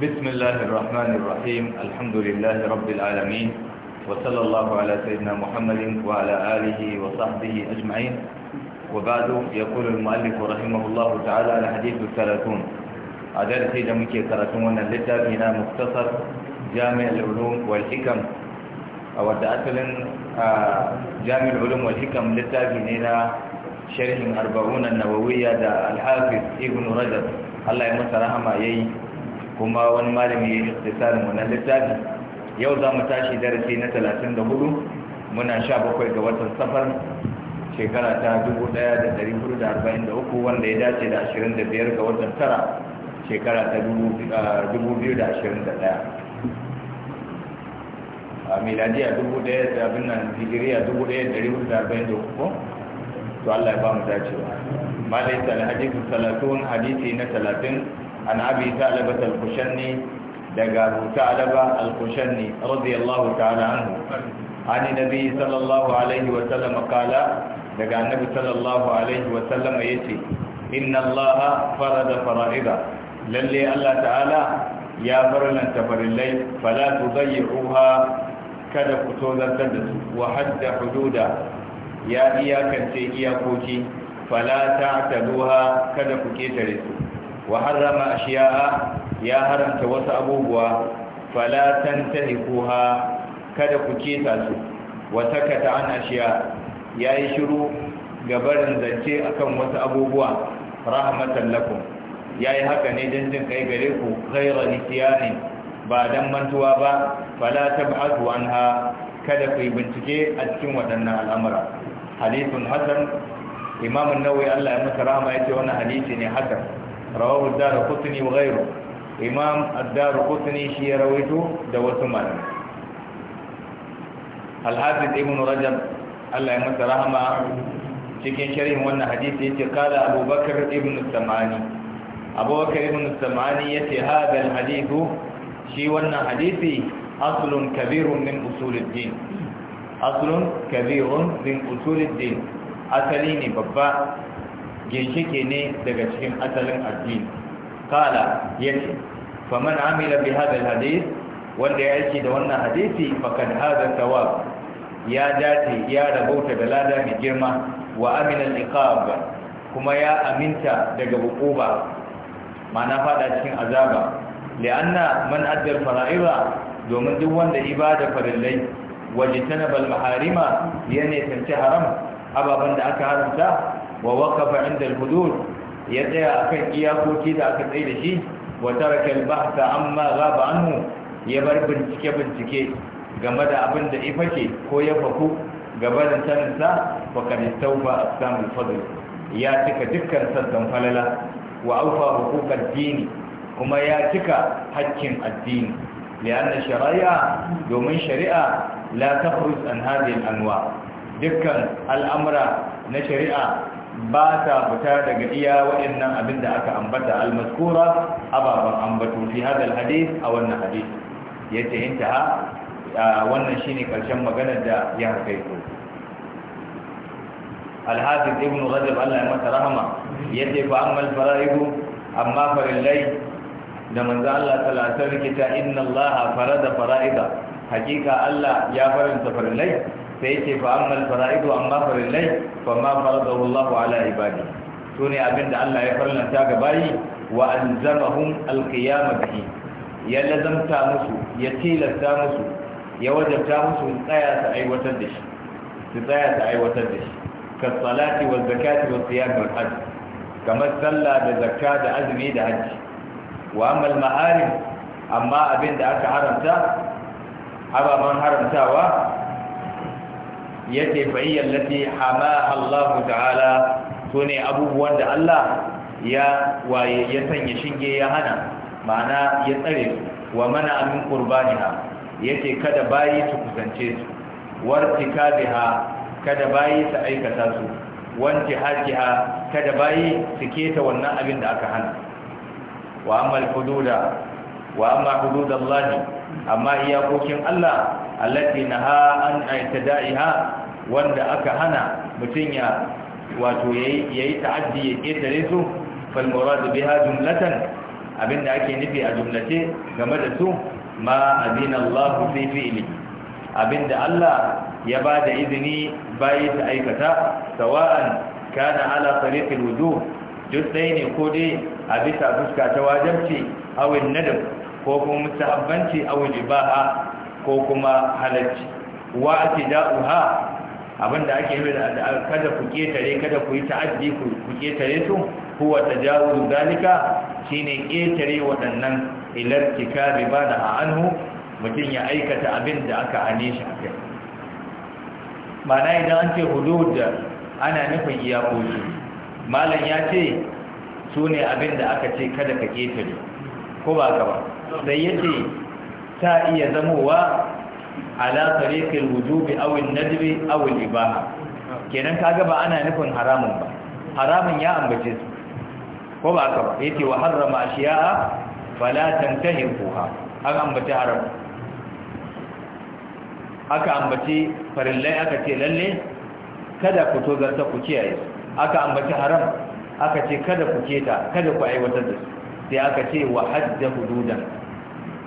بسم الله الرحمن الرحيم الحمد لله رب العالمين وصلى الله على سيدنا محمد وعلى آله وصحبه أجمعين وبعد يقول المؤلف رحمه الله تعالى على حديث الثلاثون عدد سيدة مكي ثلاثون بنا مختصر جامع العلوم والحكم أو أصل آه، جامع العلوم والحكم بنا شرح أربعون النووية دا الحافظ ابن رجب الله يمسى رحمه يي kuma wani malami ya yi tsarin wannan littafi yau za mu tashi darasi na 34 muna 17 ga watan safar shekara ta 1443 wanda ya dace da 25 ga watan tara shekara ta 2021 ah, a miladiya dubu ɗaya da abin nan digiriya dubu ɗaya da hudu da arba'in da uku to Allah ya ba mu dacewa malai sal hadisu salatun hadisi na talatin an abi ta'alaba al-kushanni daga abu ta'alaba al-kushanni radiyallahu ta'ala anhu an nabi sallallahu alaihi wa sallam qala daga annabi sallallahu alaihi wa sallam yace inna allaha farada fara'ida lalle allah ta'ala ya farlanta farillai fala tudayyi'uha kada ku tozartar da su wa hadda hududa ya iyakance iyakoki fala ta'taduha kada ku ketare su wa harrama ya haramta wasu abubuwa fala tantahikuha kada ku keta su wa sakata an ya yayi shiru gabarin zance akan wasu abubuwa rahmatan lakum yayi haka ne dan jin kai gare ku ghayra ne ba dan mantuwa ba fala tab'atu anha kada ku bincike a cikin waɗannan al'amura hadithun hasan imam an Allah ya masa rahama yace wani hadisi ne hasan rawahu ad-darqutni wa ghayru imam ad-darqutni shi ya rawaito da wasu malamai al-hafiz ibn rajab Allah ya masa rahama cikin sharhin wannan hadisi yace kala abubakar ibn samani abubakar ibn samani yace hada al-hadithu shi wannan hadisi aslun kabirun min usuluddin aslun kabirun min usuluddin asali ne babba ginshike ne daga cikin asalin addini kala yace faman amila bi hadha alhadith wanda ya aiki da wannan hadisi faqad hada thawab ya dace ya rabauta da lada mai girma wa amina al-iqab kuma ya aminta daga hukuba mana fada cikin azaba li'anna man adda al-fara'ida domin duk wanda ibada farillai wajtanaba al-maharima yana tanci haram ababan da aka haramta wa waqafa inda al-hudud ya tsaya akan iyakoki da aka tsaye da shi wa taraka al-bahtha amma ghaba anhu ya bar bincike bincike game da abin da ifake ko ya faku gaba da saninsa fa kan tauba aqsam al-fadl ya cika dukkan sassan falala wa aufa huquqar dini kuma ya cika haƙƙin addini lianna shari'a domin shari'a la takhruj an hadhihi al-anwa dukkan al'amra na shari'a ba ta fita daga iya waɗannan abin da aka ambata almaskura ababen ambato fi hadal hadith a wannan ce yace intaha wannan shi ne ƙarshen maganar da ya kaito al-hafiz ibn rajab Allah ya mata rahama yace fa amma al-fara'id amma farillai da manzo Allah sallallahu alaihi wasallam inna Allah farada fara'ida hakika Allah ya faranta farillai sai yake fa ammal fara'idu amma farillai fa ma faradahu Allahu ala ibadi to ne abinda Allah ya farlanta ga bayi wa alzamahum alqiyama bihi ya lazamta musu ya tilasta musu ya wajabta musu tsaya ta aiwatar da shi su tsaya su aiwatar da shi ka salati wa zakati wa siyam wal hajj kamar sallah da zakka da azumi da hajji wa ammal ma'arim amma abinda aka haramta ababan haramtawa yace fa hiya allati hamaha Allah ta'ala sune abubuwan da Allah ya waye ya sanya shinge ya hana ma'ana ya tsare su wa mana min qurbaniha yace kada bayi su kusance su wartikabiha kada bayi su aikata su wanti hakiha kada bayi su keta wannan abin da aka hana wa amma hududa wa amma hududallahi amma iyakokin Allah allati naha an aitada'iha wanda aka hana mutum ya wato yayi ta'addi ya ƙetare su fal murad biha jumlatan abinda ake nufi a jumlace game da su ma adina Allah fi fi'li abinda Allah ya ba da izini bayi ta aikata sawa'an kana ala tariqil wudu duk dai ne ko dai a bisa fuska ta wajibci awin nadam, ko kuma mustahabbanci awin ibaha ko kuma halarci wa atida'uha Abin da ake yi da kada ku ketare kada ku yi ta'addi ku ketare su huwa tajawuzu zalika shine ketare waɗannan ilar kitabi ba da anhu mutum ya aikata abin da aka hane shi a kai mana idan an ce da ana nufin iyakoki malam ya ce su ne abin da aka ce kada ka ketare ko ba ka ba sai ya ta iya zamowa ala tariqil wujubi aw an-nadbi aw al-ibaha kenan kaga ba ana nufin haramun ba haramun ya ambace su ko ba haka ba yake wa harrama ashiya'a fala tantahiquha an ambace haram aka ambace farillai aka ce lalle kada ku to zarta ku kiyaye aka ambace haram aka ce kada ku keta kada ku aiwatar da su sai aka ce wa hadda hududan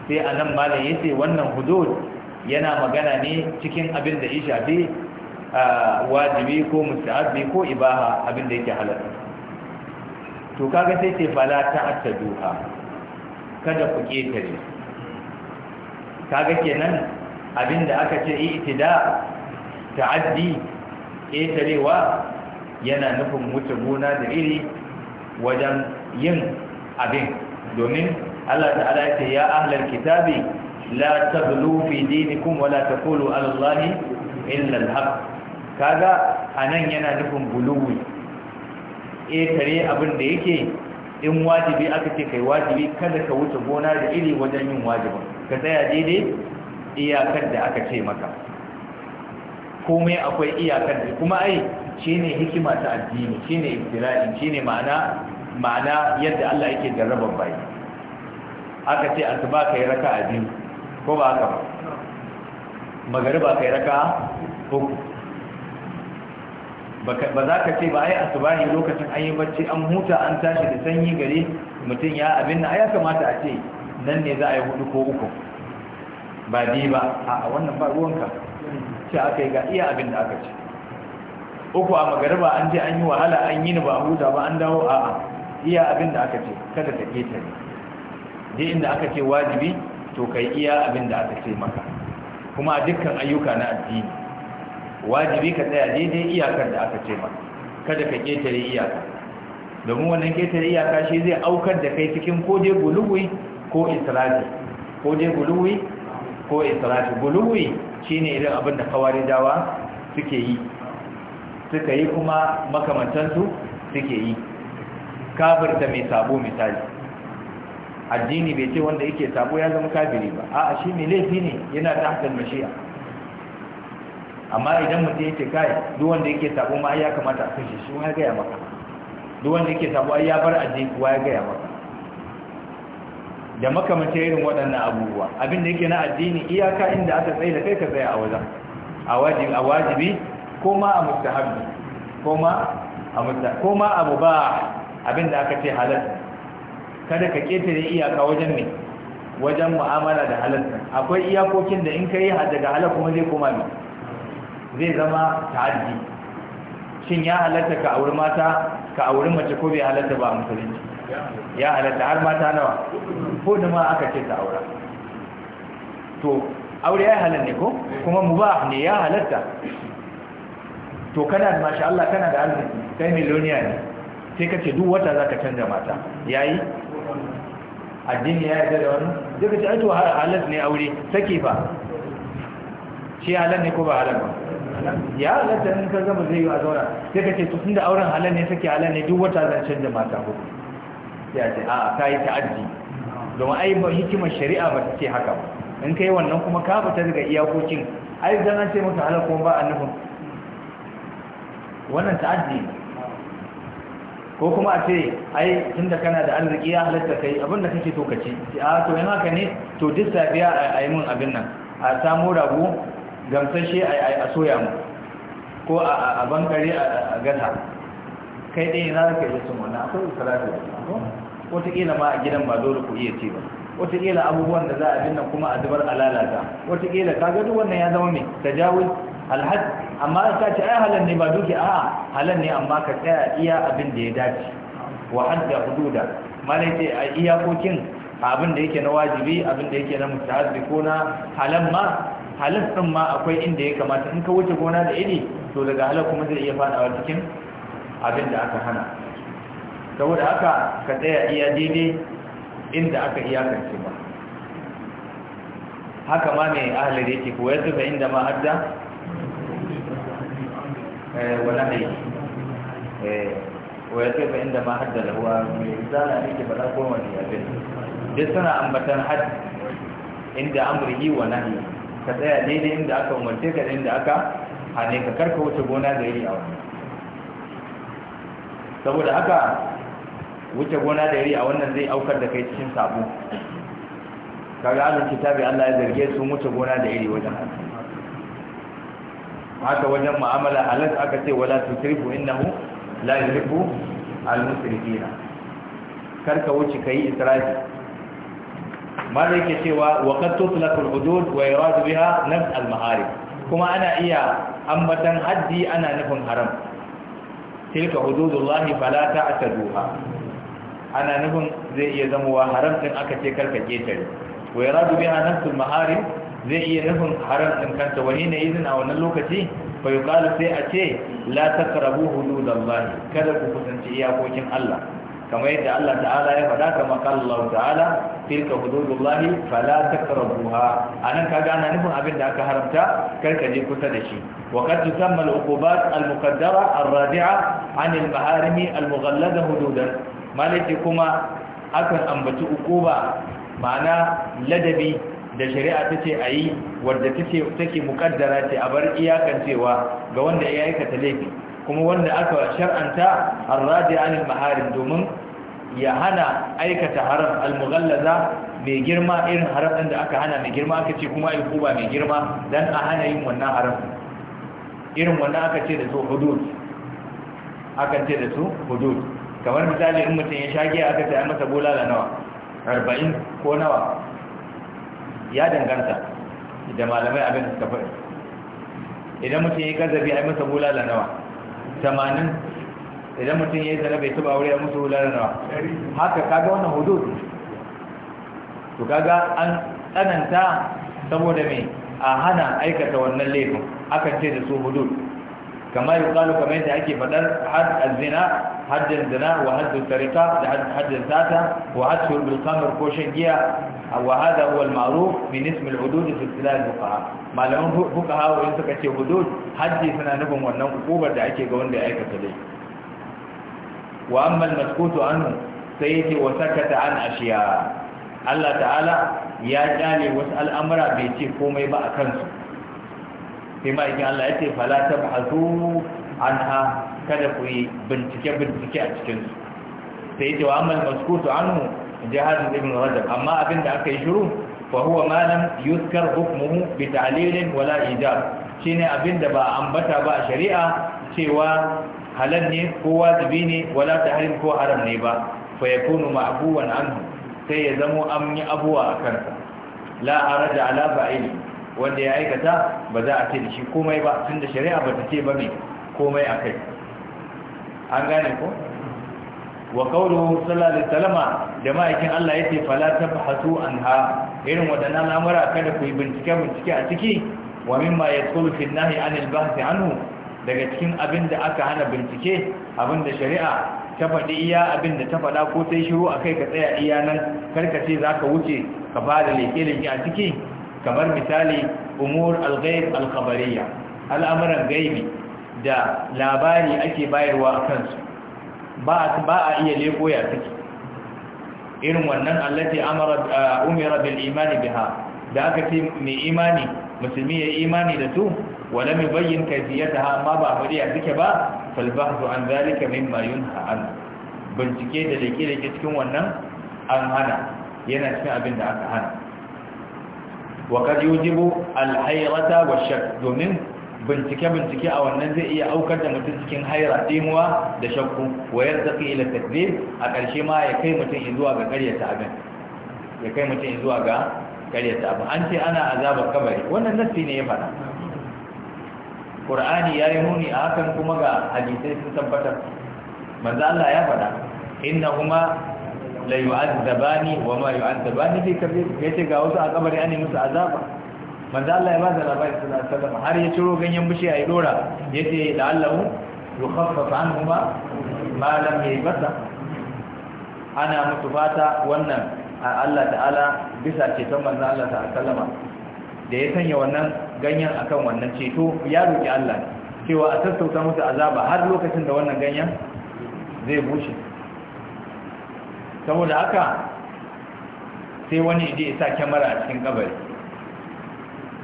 sai anan malam yace wannan hudud yana magana ne cikin abin da ya shafi wajibi ko musta'abi ko ibaha abin da yake halatta to kaga sai ce fala ta'taduha kada ku ketare kaga kenan abin da aka ce i'tida ta'addi ketarewa yana nufin wuce gona da iri wajen yin abin domin Allah ta'ala ya ce ya ahlal kitabi la tablu fi dinikum wa la taqulu ala allahi illa alhaq kaga anan yana nufin buluwi eh kare abin da yake in wajibi aka ce kai wajibi kada ka wuce gona da iri wajen yin wajibin ka tsaya daidai iyakar da aka ce maka komai akwai iyakar da kuma ai shine hikima ta addini shine ibtila'i shine ma'ana ma'ana yadda Allah yake jarraban bai aka ce asuba kai raka'a biyu ko ba haka ba magariba kai raka uku ba za ka ce ba ai asubahi lokacin an yi bacci an huta an tashi da sanyi gari mutum ya abin na ya kamata a ce nan ne za a yi hudu ko uku ba biyu ba a wannan ba ruwanka ce aka yi ga iya abin da aka ce uku a magariba an je an yi wahala an yi ni ba a huta ba an dawo a'a iya abin da aka ce kada ta ƙetare dai inda aka ce wajibi to kai iya abin da aka ce maka kuma a dukkan ayyuka na addini wajibi ka tsaya daidai iyakar da aka ce maka kada ka ketare iyaka domin wannan ketare iyaka shi zai aukar da kai cikin ko dai guluwi ko israfi ko dai guluwi ko israfi guluwi shine irin abin da kawarijawa suke yi suka yi kuma makamantansu suke yi kafirta mai sabo misali addini bai ce wanda yake sabo ya zama kafiri ba a'a shi mai laifi ne yana ta hakan mashiya amma idan mutum yake kai duk wanda yake sabo ma ya kamata a kan shi wa ya gaya maka duk wanda yake sabo ai ya bar addini kuwa ya gaya maka da makamace irin waɗannan abubuwa abin da yake na addini iyaka inda aka tsaye da kai ka tsaya a wajen a wajibi ko ma a mustahabbi ko ma a mustahabbi ko ma abu ba abin da aka ce halal kada ka ketare iyaka wajen ne wajen mu'amala da halatta akwai iyakokin da in ka yi daga halar kuma zai koma ne zai zama ta'addi shin ya halatta ka auri mata ka auri mace ko bai halatta ba a musulunci ya halatta har mata nawa ko da ma aka ce ta aura to aure ya halatta ne ko kuma mubah ne ya halatta to kana da masha Allah kana da arziki kai miliyoniya ne sai ka ce duk wata za ka canza mata yayi addini ya yarda da wani? duka ce aito halar ne aure saki ba. shi halar ne ko ba halar ba ya halar da ka gama zai yi a zaura sai ce to da auren halar ne saki halar ne duk wata zan canza mata ko ya ce a ka yi ta'addi domin ai ba hikimar shari'a ba ta ce haka ba in kai wannan kuma ka fita daga iyakokin ai zan ce maka halar kuma ba a nufin wannan ta'addi ne ko kuma a ce ai da kana da arziki ya halatta kai abinda kake so ka ci a ah, to yana haka ne to duk safiya a yi mun abin nan a samu rago gamsashe a soya mu ko a bankare a gasa kai ɗaya za ka yi sun wani akwai salatu wataƙila ma a gidan ba dole ku iya ce ba wataƙila abubuwan da za a binna kuma a zubar a lalata wataƙila ka duk wannan ya zama mai tajawul alhaji amma ka ce ai halan ne ba duki a halan ne amma ka tsaya iya abin da ya dace wa hadda hududa malai ce a iyakokin abin da yake na wajibi abin da yake na mustahabbi ko na halan ma halin sun ma akwai inda ya kamata in ka wuce gona da iri to daga halal kuma zai iya fadawa cikin abin da aka hana saboda haka ka tsaya iya daidai inda aka iyakance ba haka ma mai ahalar yake ko ya tuba inda ma adda Eh, wala eh, ne wa ya kai inda goma abin duk suna ambatan inda wa ka tsaya wuce gona da iri a wannan saboda haka wuce gona da iri a wannan zai aukar da kai cikin sabo kaga ta kitabi Allah ya zarge su wuce gona da iri wajen haka haka wajen mu'amala halak aka ce wala tusrifu innahu la yuhibbu al-musrifina karka wuce kai israfi mallai yake cewa wa qad tutlaqu al-hudud wa yuradu biha nafs al-maharib kuma ana iya ambatan haddi ana nufin haram tilka hududullahi fala ta'taduha ana nufin zai iya zama haram din aka ce karka ketare wa yuradu biha nafs al-maharib zai iya nufin haram ɗin kanta wani na izin a wannan lokaci bai sai a ce la ta hudu da kada ku kusanci iyakokin Allah kamar yadda Allah ta'ala ya faɗa kama Allah ta'ala tilka hududullahi fala A anan kaga ana nufin abin da aka haramta karka je kusa da shi wa qad tusamma al-uqubat al ar-radi'a an al-maharimi al-mughallada hududan malaki kuma akan ambaci uquba ma'ana ladabi da shari'a ta ce a yi wadda take mukaddara ce a bar iyakancewa ga wanda ya aikata laifi kuma wanda aka shar'anta arraji anil maharin domin ya hana aikata haram almughallaza mai girma irin haram ɗin da aka hana mai girma aka ce kuma ai kuba mai girma don a hana yin wannan haram irin wannan aka ce da su hudud aka ce da su hudud kamar misali in mutum ya sha giya aka ce ai masa bulala nawa 40 ko nawa ya danganta da malamai abin suka faɗi idan mutum ya yi gazabi a yi masa da nawa tamanin idan mutum ya yi zana bai taba aure a masa da nawa haka kaga wannan hudu su kaga an tsananta saboda mai a hana aikata wannan laifin akan ce da su hudu kamar yi kwalo kamar yadda ake faɗar har zina har zina wa haddin tarika da haddin sata wa haddin bilkamar ko shan giya وهذا هو المعروف من اسم الحدود في اصطلاح الفقهاء malaman fuqaha wani suka ce hudud haddi suna nufin wannan hukumar da ake ga wanda ya aikata dai wa amma al-maskutu anhu sai yake wa sakata an ashiya Allah ta'ala ya kyale wasu al'amura bai ce komai ba a kansu sai ma yake Allah ya ce fala tabhasu anha kada ku yi bincike bincike a cikin su sai yake wa amma al-maskutu anhu inji hadis ibn rajab amma abin da aka yi shiru fa huwa ma lam yuzkar hukmuhu bi ta'lilin wala ijab shine abinda ba ambata ba a shari'a cewa halal ne ko wajibi ne wala tahrim ko haram ne ba fa yakunu ma'fuwan anhu sai ya zamo an abuwa a kansa la haraja ala fa'ili wanda ya aikata ba za a ce da shi komai ba tunda shari'a ba ta ce ba mai komai akai an gane ko wa qawluhu sallallahu alaihi wasallam da ma'aikin Allah yace fala tabhatu anha irin wadannan lamura kada ku yi bincike bincike a ciki wa mimma yadkhulu fi an bahasi 'anil anhu daga cikin abin da aka hana bincike abin da shari'a ta faɗi iya abin da ta faɗa ko sai shiru akai ka tsaya iya nan karkace za ka wuce ka bada da ki a ciki kamar misali umur al alkhabariya al'amuran gaibi da labari ake bayarwa a kansu ba a iya leko ya suke irin wannan allati uh, umira bil imani biha da aka ce mai imani musulmi ya imani da su wala mai bayyin kaifiyataha amma ba a faɗi ya suke ba fal bahthu an zalika mimma yunha an bincike da leke-leke cikin wannan an hana yana cikin abin da aka hana wa kad yujibu al hayrata wa shak domin bincike-bincike a wannan zai iya aukar da mutum cikin haira ɗimuwa da shakku wayar zafi ila takdir a ƙarshe ma ya kai mutum zuwa ga ƙaryata abin ya kai mutum zuwa ga ƙaryata abin an ce ana azabar kabari wannan nassi ne ya faɗa ƙur'ani ya yi nuni a hakan kuma ga hadisai sun tabbatar manzo Allah ya faɗa huma la yu'adzabani wa ma yu'adzabani fi kabir yace ga wasu a kabari an yi musu azaba manzo Allah ya ba da labari sallallahu alaihi wasallam har ya ciro ganyen bishiya ya dora yace da Allah yukhaffaf anhuma ma lam yaybata ana mutu fata wannan Allah ta'ala bisa ceton manzo Allah ta sallama da ya sanya wannan ganyen akan wannan ceto ya roki Allah cewa a sassauta musu azaba har lokacin da wannan ganyen zai bushe saboda haka sai wani ya sa kyamara a cikin kabari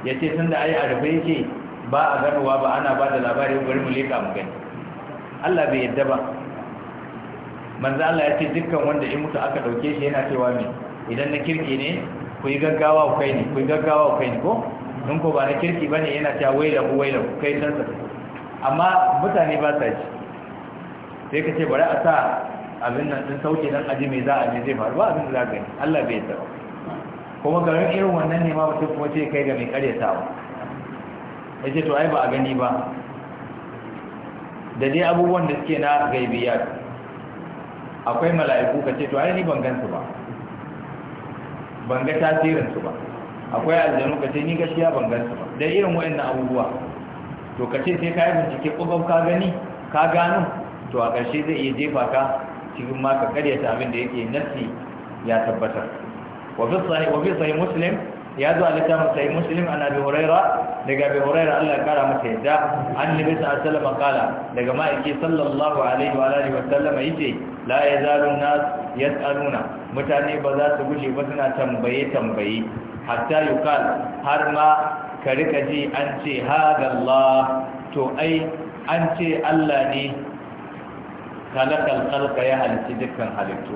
ya ce tun da yi a rufe yake ba a ganowa ba ana ba da labari bari mu leka mu gani Allah bai yadda ba manzo Allah ya ce dukkan wanda in mutu aka dauke shi yana cewa me idan na kirki ne ku yi gaggawa ku kai ni ku yi gaggawa ku kai ni ko in ko ba na kirki bane yana cewa waila ku waila ku kai san amma mutane ba sa ji sai ka ce bari a sa abin nan din sauke dan aji me za a je zai faru ba abin da za ka gani Allah bai yadda ba kuma garin irin wannan ne ma ba kuma ce kai ga mai ba. ya ce to ai ba a gani ba da dai abubuwan da suke na gaibiya akwai mala'iku ka ce to ai ni ban gansu ba ban ga tasirinsu ba akwai aljanu ka ce ni gaskiya ban gansu ba da irin waɗannan abubuwa to ka ce sai ka yi bincike ƙwaƙwaf ka gani ka gano to a ƙarshe zai iya jefa ka cikin ma ka karyata abin da yake nassi ya tabbatar wafi sahi muslim ya zo a littafin sahi muslim a nabi huraira daga abin huraira allah kara mata yadda an nabi sa'asala makala daga ma'aiki sallallahu alaihi wa alaihi wa sallama yi ce la ya zaru nas ya mutane ba za su guje ba suna tambaye tambaye hatta yi kal har ma kari ka ji an ce ha ga allah to ai an ce allah ne kalakal kalka ya halitta dukkan halittu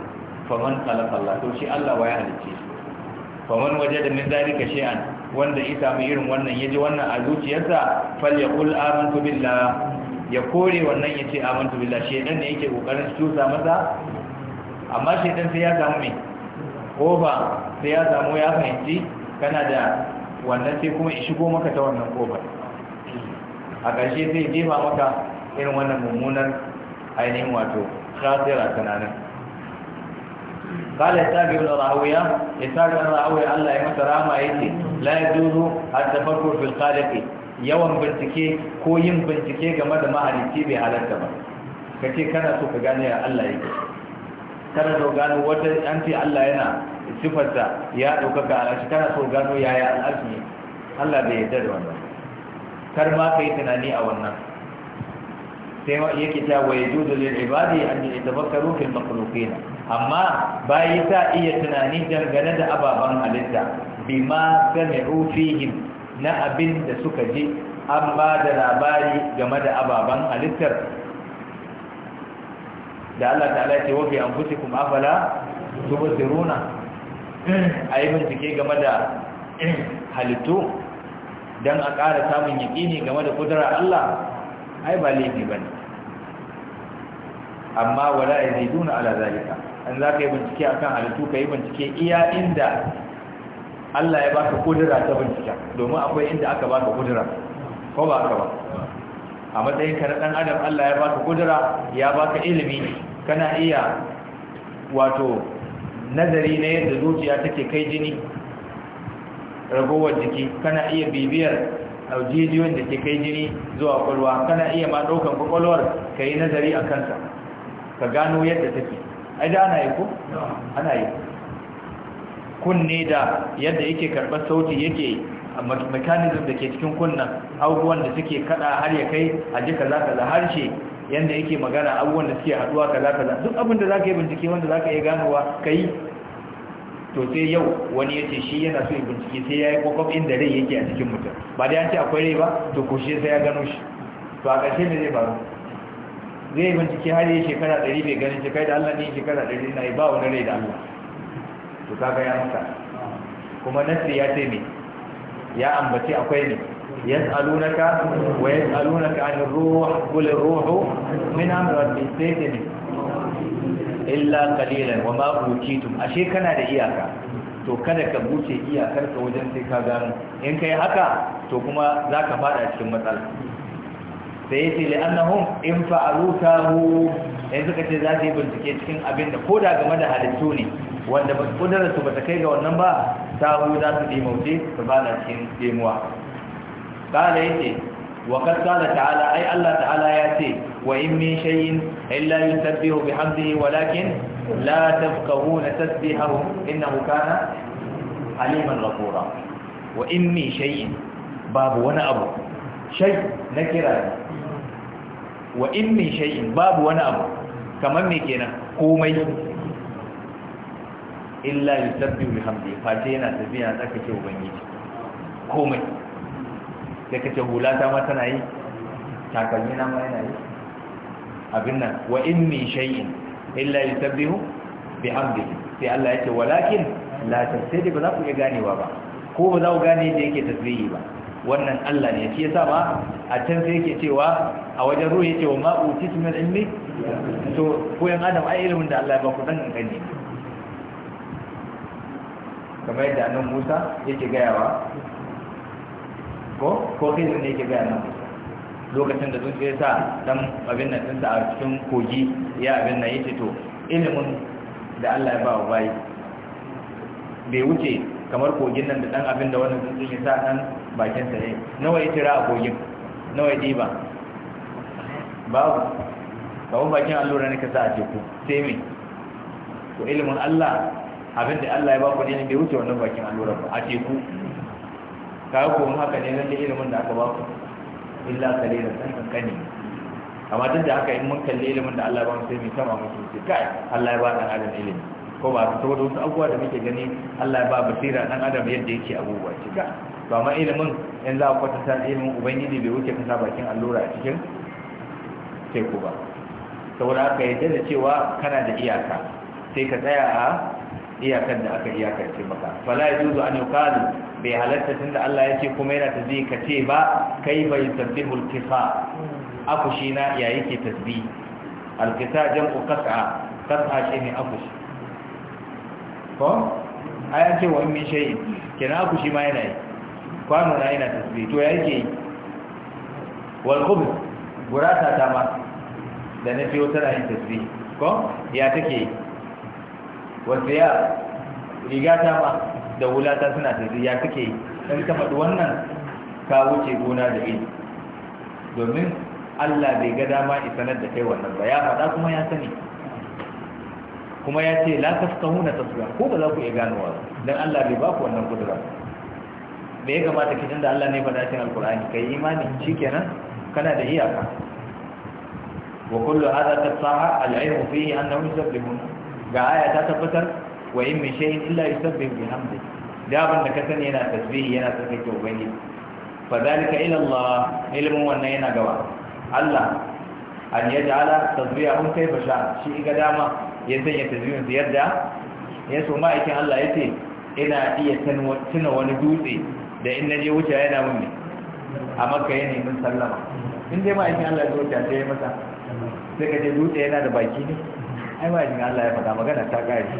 faman khalaqa Allah to shi Allah waya halice shi faman da min zalika shay'an wanda ya samu irin wannan yaji wannan a zuciyarsa falyaqul amantu billah ya kore wannan yace amantu billah shedan ne yake kokarin cusa masa amma shedan sai ya samu me kofa sai ya samu ya fahimci kana da wannan sai kuma shigo maka ta wannan kofar a ƙarshe sai jefa maka irin wannan mummunar ainihin wato khasira tunanin قال يساق بن راهوية يساق بن راهوية الله يمسر ما يتي لا يجوز التفكر في الخالق yawan bincike ko yin bincike game da mahalicci bai halarta ba ka ce kana so ka gane ya Allah yake kana so gano wata an ce Allah na sifarsa ya ɗaukaka shi, kana so gano yaya al'arshi ne Allah bai yarda da wannan kar ma ka yi tunani a wannan sai yake ta wa yajudu lil ibadi an yatafakkaru fil makhluqina amma bayi ta iya tunani dangane da ababen halitta bima sami'u fihim na abin da suka ji an ba da labari game da ababen halittar da Allah ta'ala ce wafi an fusi kuma afala su basiruna a yi bincike game da halittu don a ƙara samun yaƙini game da kudura Allah ai ba laifi ba ne amma wala zai duna zalika an za ka yi bincike akan halittu ka yi bincike iya inda Allah ya baka kudura ta bincike domin akwai inda aka baka kudura ko ba aka ba a matsayin ka na dan adam Allah ya baka kudura ya baka ilimi kana iya wato nazari na yadda zuciya take kai jini ragowar jiki kana iya bibiyar jijiyoyin da ke kai jini zuwa kwalwa kana iya ma ɗaukan kwakwalwar ka yi nazari a kansa ka gano yadda take ai da ana yi ko ana yi kunne da yadda yake karɓar sauti yake mechanism da ke cikin kunnan abubuwan da suke kada har ya kai a ji kaza kaza harshe yanda yake magana abubuwan da suke haduwa kaza kaza duk abin da zaka yi bincike wanda zaka yi ganowa kai to sai yau wani yace shi yana so ya bincike sai yayi kokop da rai yake a cikin mutum ba dai an ce akwai rai ba to ko shi sai ya gano shi to a ƙarshe ne zai faru zai bincike har yi shekara ɗari bai ganin shi kai da Allah ne shekara ɗari na yi ba wani rai da Allah to kaga ya masa kuma nasri ya ce ne ya ambaci akwai ne yas'alunaka wa yas'alunaka anir ruh qul ar-ruhu min amri rabbi ne. illa qalilan wa ma utitum ashe kana da iyaka to kada ka buce iyakar ka wajen sai ka gano in kai haka to kuma zaka fada cikin matsala sai yace li'annahum in fa'alu tahu in suka ce za su yi bincike cikin abin da koda game da halittu ne wanda ba kudarar su bata kai ga wannan ba ta tahu za su dimauce su ba bana cikin demuwa kala yace wa qad qala ta'ala ai Allah ta'ala ya ce wa in min shay'in illa yusabbihu bihamdihi walakin la tafqahuna tasbihahum innahu kana aliman ghafura wa in min shay'in babu wani abu Shai! na kira wa in min shay'in babu wani abu kamar me kenan komai illa yusabbihu bihamdi fate yana tafiya tsakace ubangiji komai sai kace hula ta ma tana yi takalmi na ma yana yi abin nan wa in min shay'in illa yusabbihu bihamdi sai Allah yake walakin la tasdi ba za ku iya ganewa ba ko ba za ku gane da yake tasbihi ba wannan Allah ne shi yasa ba a can sai yake cewa a wajen ruhi yake wa ma'u min ilmi to koyan adam ai ilimin da Allah ya baku dan gani kamar yadda nan Musa yake gayawa ko ko kai ne yake gaya nan lokacin da zuciya sa dan abin nan din a cikin kogi ya abin nan yake to ilimin da Allah ya ba wa bai bai wuce kamar kogin nan da dan abin da wannan tsuntsun ya sa nan bakin sa ne nawa ya tira a kogin nawa ya diba babu babu bakin allura ne ka sa a teku sai me ko ilimin Allah abin da Allah ya ba ku ne bai wuce wannan bakin allura ba a teku ka ga kuma haka ne nan da ilimin da aka ba ku illa kalila san kani amma duk da haka in mun kalli ilimin da Allah ya ba mu sai mu sama mu sai kai Allah ya ba dan adam ilimi ko ba su saboda wasu abubuwa da muke gani Allah ya ba basira dan adam yadda yake abubuwa cika ba ma ilimin in za a kwatanta ilimin ubangiji bai wuce kasa bakin allura a cikin teku ba saboda aka yadda da cewa kana da iyaka sai ka tsaya a iyakar da aka iyakance maka fala yajuzu an yuqalu bai halatta da Allah ya ce kuma yana ta zai ka ce ba kai bai tabbihul qisa akushi na ya yake tasbih alqisa jam'u qas'a qas'a shine akushi ko aya ce wa in min shay'in kenan aku shi ma yana yi kwano na yana tasbih to yake yi wal khubz burata ta ma da na fiyo tana yin tasbih ko ya take yi wasu riga ta ma da wulata suna tasbih ya take yi in ka faɗi wannan ka wuce gona da ilmi domin Allah bai ga dama isanar da kai wannan ba ya faɗa kuma ya sani kuma ya ce la tafqahuna tasbih ko ba za ku iya ganowa don Allah bai ba ku wannan kudura me ya kamata kidan da Allah ne faɗa cikin alqur'ani kai imani shikenan kana da iyaka wa kullu hadha tasaha al-ilmu fihi annahu yusabbihuna ga aya ta tabbatar wa yin mai shay'in illa yusabbihu bihamdi da abin da ka sani yana tasbihi yana tsarkake ubangiji fa zalika ila Allah ilmu wannan yana gaba Allah an yaj'ala tasbihahu kayfa fasha, shi ga dama ya sanya tasbihin su yadda ya so ma'aikin Allah ya ce ina iya tuna wani dutse da in na je wuce yana mun ne a makka ya nemi sallama in dai ma'aikin Allah ya zo wuce ta ya masa sai ka ce dutse yana da baki ne ai ma'aikin Allah ya faɗa magana ta ƙari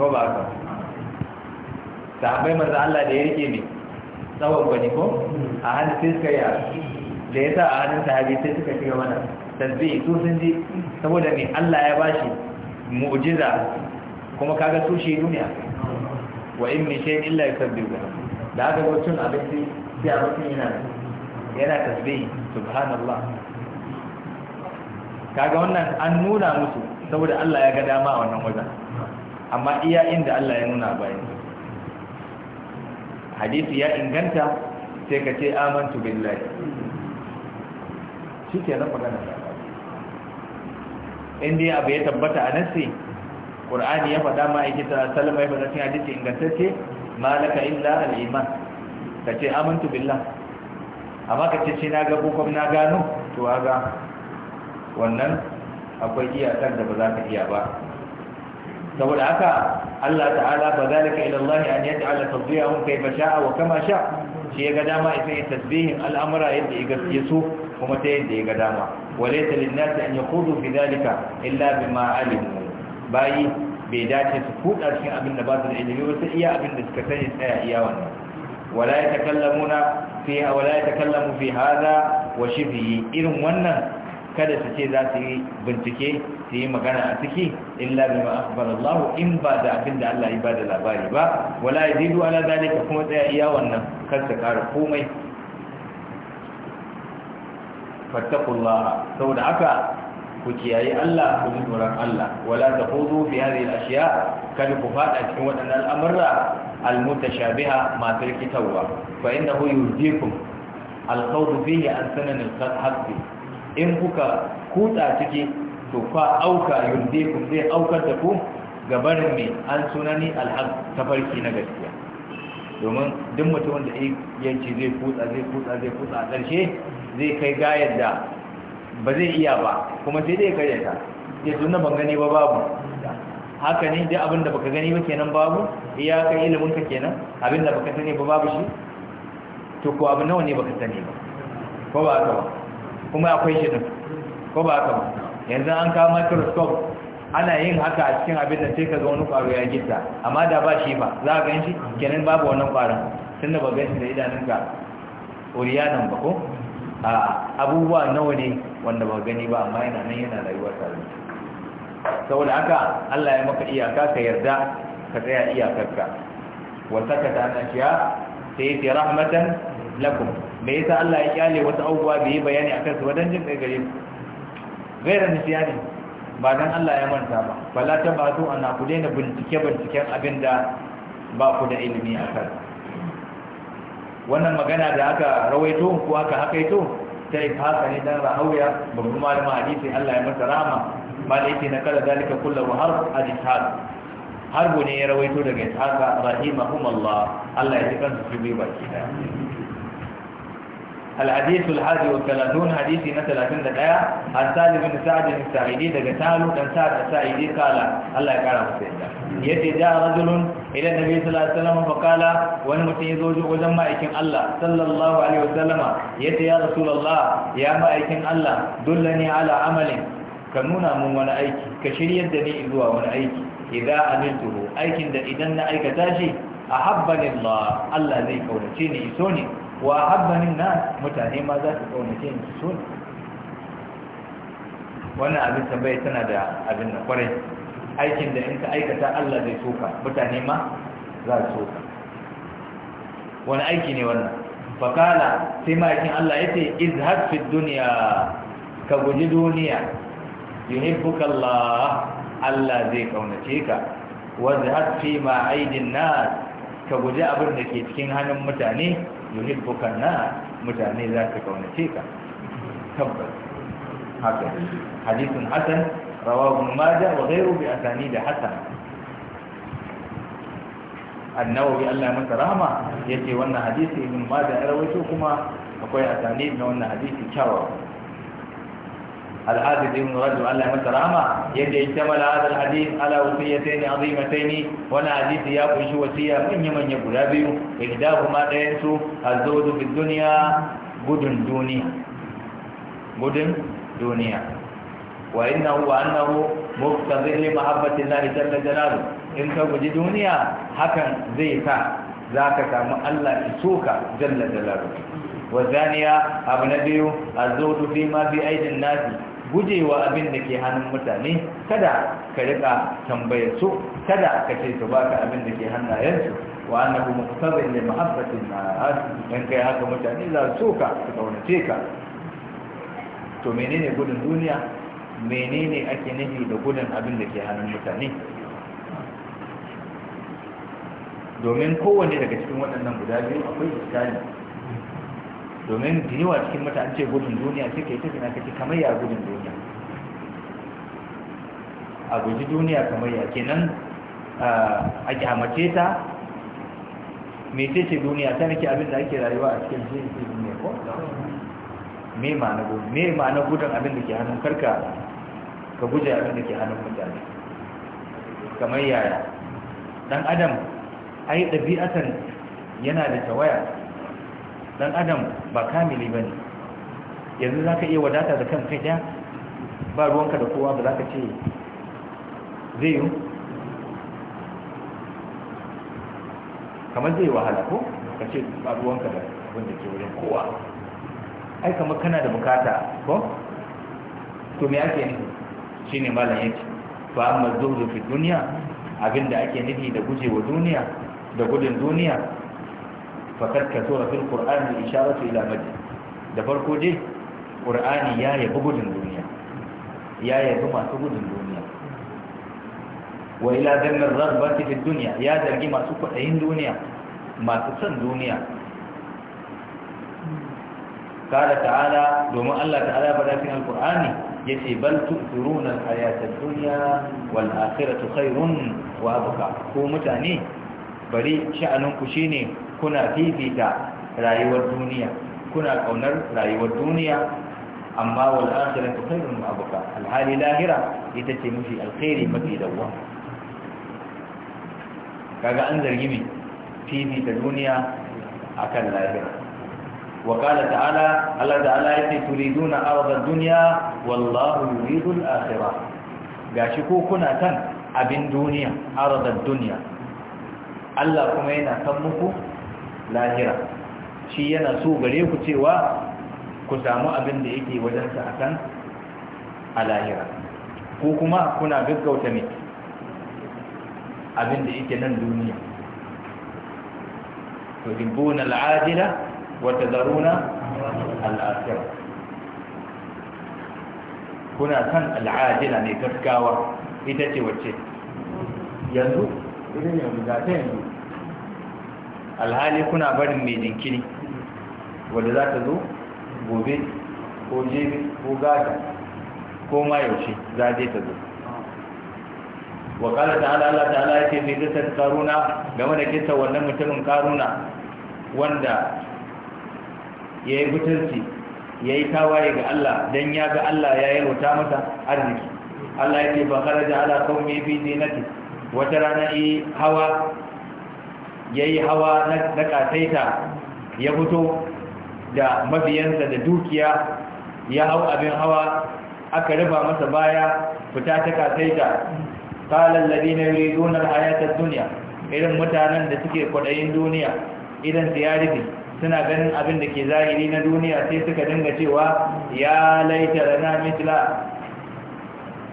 ko ba haka sahabbai masa Allah da ya rike ne tsawon gani ko a hannun sai suka yara da ya sa a hannun sahabi sai suka shiga mana tasbih su sun ji saboda ne Allah ya bashi mu'jiza kuma kaga tushe duniya wa in min shay'in illa yusabbihu da haka mutum abinci sai abinci yana yana tasbih subhanallah kaga wannan an nuna musu saboda Allah ya ga dama a wannan wajen amma iya inda Allah ya nuna bayan hadisi ya inganta sai ka ce amantu billahi shi ke na magana inda abu ya tabbata a nasi ƙur'ani ya faɗa ma'aikata salama ya faɗa cin hadisi ingantacce ma laka illa al'iman ka ce amintu billah amma ka ce na ga kokon na gano to ga wannan akwai iyakar da ba za ka iya ba saboda haka Allah ta'ala ba zalika ila Allah an yaj'ala tadbiyahum kayfa sha'a wa kama sha shi ya ga dama ya sai tasbihin al'amura yadda ya su kuma ta yadda ya ga dama walaysa lin-nasi an yakhudu fi dhalika illa bima alimu bayi bai dace su kuɗa cikin abin da ba su da ilimi wasu iya abin da suka sani tsaya iya wannan wala yatakallamuna fi wala yatakallamu fi hadha irin wannan kada su ce za su yi bincike su yi magana a ciki illa bima akhbar in ba da abin Allah bada labari ba wala yazidu ala zalika kuma tsaya iya wannan kar ta kara komai fattakullaha saboda haka ku kiyaye Allah ku ji tsoron Allah wala hudu fi hadhihi al-ashya kada ku fada cikin waɗannan al'amura al-mutashabiha ma tarkitawa fa innahu yujikum al-khawd fihi an sanan al-hadd in kuka kuta ciki to fa auka yujikum zai aukar da ku gabarin mai an sunani al-hadd tafarki na gaskiya domin duk mutumin da ya ce zai kutsa zai kutsa zai kutsa a ƙarshe zai kai gayar da ba zai iya ba kuma sai dai karyata ta tun tunan ban gani ba babu haka ne duk abin da baka gani ba kenan babu iya kai ilimin ka kenan abin da baka sani ba babu shi to ko abu nawa ne baka sani ba ko ba ka ba kuma akwai shi din ko ba ka ba yanzu an kawo microscope ana yin haka a cikin abin da sai ka ga wani kwaro ya gita amma da ba shi ba za ka gan shi kenan babu wannan kwaron tunda ba gan shi da idanunka oriyanan ba ko a abubuwa nawa ne wanda ba gani ba amma yana nan yana rayuwa tare saboda haka Allah ya maka iyaka ka yarda ka tsaya iyakarka wa sakata an ashiya sai ta rahmatan lakum me yasa Allah ya kyale wasu abubuwa da yi bayani akan su wadan jin kai gare gairan ne, ba dan Allah ya manta ba bala ta ba su ana ku daina bincike binciken abinda ba ku da ilimi akan wannan magana da aka rawaito ko aka hakaito ta ifaka ne dan rahawiya babban malamin hadisi Allah ya masa rahama malaiki na kala dalika kullu harf al harbu ne ya rawaito daga ishaq rahimahumullah Allah ya ji kansu su bi baki da الحديث الحادي والثلاثون حديثي مثلا كنت الآية عن سالم بن سعد الساعدي دقى سالو كان سعد الساعدي قال الله يقال مسيدا يتي جاء رجل إلى النبي صلى الله عليه وسلم فقال ونمتن يزوج وزن مائكين الله صلى الله عليه وسلم يتي يا رسول الله يا مائكين الله دلني على عمل كنونا من وانا أيكي كشريت دني إذوا وانا أيكي إذا أملته أيكين دا إذن أيكتاشي أحبني الله الله ذي كونتيني إسوني wa habbanin na mutane ma za su kaunace ni su ne wannan abin tambaye tana da abin da kwarai aikin da in ka aikata Allah zai soka mutane ma za su soka wani aiki ne wannan fakala sai ma'aikin Allah ya ce izhad fi duniya ka guji duniya yuhibbuka Allah Allah zai kaunace ka wazhad fi ma aidin nas ka guji abin da ke cikin hannun mutane yuhibbuka na mutane za su kaunace ka tabbas haka hadithun hasan rawahu majah wa ghayru bi asanid hasan annawawi Allah masa rahama yace wannan hadisi ibn majah ya rawaito kuma akwai asanid na wannan hadisi kyawawa الحافظ ابن على الله مسرامة يجي اشتمل هذا الحديث على وصيتين عظيمتين وانا حديث يا قنش وصية من يمن يقول أبيو ما تنسو الزود في الدنيا قدن دنيا قدن دنيا وإنه وأنه مقتضي لمحبة الله جل جلاله إن تقول دنيا حكا زيتا ذاك كما الله يسوك جل جلاله والثانية أبو نبيو الزود فيما في أيدي الناس gujewa abin da ke hannun mutane kada ka rika tambayar su kada ka ce su baka abin da ke hannayensu wa annahu muqtadin li mahabbatin nas dan kai haka mutane za su ka su kaunace ka to menene gudun duniya menene ake nufi da gudun abin da ke hannun mutane domin kowanne daga cikin waɗannan guda biyu akwai iskani domin da yawa cikin mata an ce gudun duniya sai ta tafi na kake kamar ya gudun duniya a guji duniya kamar ya kenan a kyamace ta mece ce duniya ta nake abin da ake rayuwa a cikin shi ne duniya ko me ma'ana gudun me ma'ana gudun abin da ke hannun karka ka guje abin da ke hannun mutane kamar yaya dan adam ai ɗabi'atan yana da tawaya dan adam ba kamili bane yanzu za ka iya wadata da kan kai da ba ruwanka da kowa ba za ka ce zai yi kamar zai wahala ko ka ce ba ruwanka da da ke wurin kowa ai kamar kana da bukata ko to me ake nufi shine malam yake fa amma zuhdu fi dunya abinda ake nufi da gujewa duniya da gudun duniya fakar kasura fil qur'ani isharatu ila majid da farko dai qur'ani ya yabi gudun duniya ya yabi masu gudun duniya wa ila dhannar raghbati fid dunya ya zargi masu kwadayin duniya masu son duniya قال تعالى دوما الله تعالى فلكن القرآن يتي بل تؤثرون الحياة الدنيا والآخرة خير وأبقى هو mutane? bari sha'anin shi ne kuna fifita rayuwar duniya kuna kaunar rayuwar duniya amma wal akhiratu khairun wa abqa alhali lahira ita ce mafi alkhairi mafi dawwa kaga an zargi mi fifita duniya akan lahira wa qala ta'ala Allah ta'ala yace turiduna arda dunya wallahu yuridu al-akhirah gashi ko kuna kan abin duniya arda dunya Allah kuma yana san muku lahira shi yana so gare ku cewa ku samu abin da yake wajensa a kan a lahira ko kuma kuna gaggauta ne abin da yake nan duniya to dibbuna al'adila wa tazaruna al'akhirah kuna san al'adila ne gaggawa ita ce wacce yanzu idan yanzu ga ta yanzu alhali kuna barin mai jinkiri wadda za ta zo gobe ko jebe ko gada ko ma yaushe za je ta zo Wakala ta ta'ala Allah ya ce mai zata karuna game da kisa wannan mutumin karuna wanda ya yi butarci ya yi tawaye ga Allah don ya ga Allah ya yi wuta masa arziki Allah ya ce ba da da ala kawai bi zinati wata rana yi hawa yayi hawa na ƙasaita ya fito da mabiyansa da dukiya ya hau abin hawa aka riba masa baya fita ta ƙasaita ƙalar na yuri zonar hayatar duniya irin mutanen da suke kwaɗayin duniya idan su suna ganin abin da ke zahiri na duniya sai suka dinga cewa ya laita rana mitla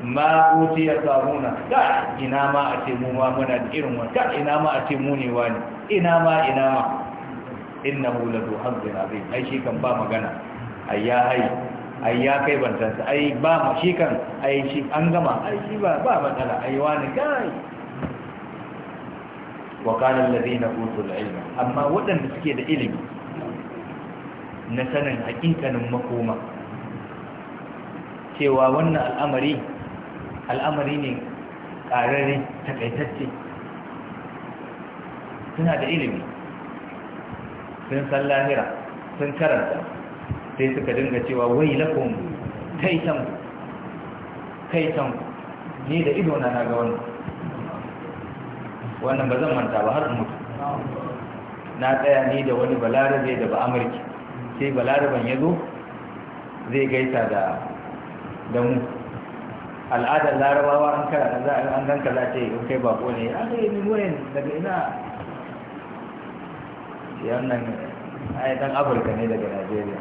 ma utiya sabuna ka ina ma a ce mu ma muna da irin wani ka ina ma a ce mu ne wani ina ma ina ma innahu ladu hazzin azim ai shi kan ba magana ai ya hai ai ya kai bantan ai ba ma shi kan ai shi an gama ai shi ba ba matsala ai wani kai wa qala alladhina utul ilma amma waɗanda suke da ilimi na sanin hakikanin makoma cewa wannan al'amari al'amari ne ƙararre takaitacce suna da ilimi sun san lahira sun karanta sai suka dinga cewa wai lakon kaitan kaitan ne da ido na ga wannan wannan ba zan manta ba har mutu na tsaya ni da wani balarabe da ba amurki sai balaraban ya zo zai gaita da mu al'adar larabawa an kara kaza an ganka za ce yi in kai bako ne an yi miliyoyin daga ina Yannan, wannan ai dan afirka ne daga najeriya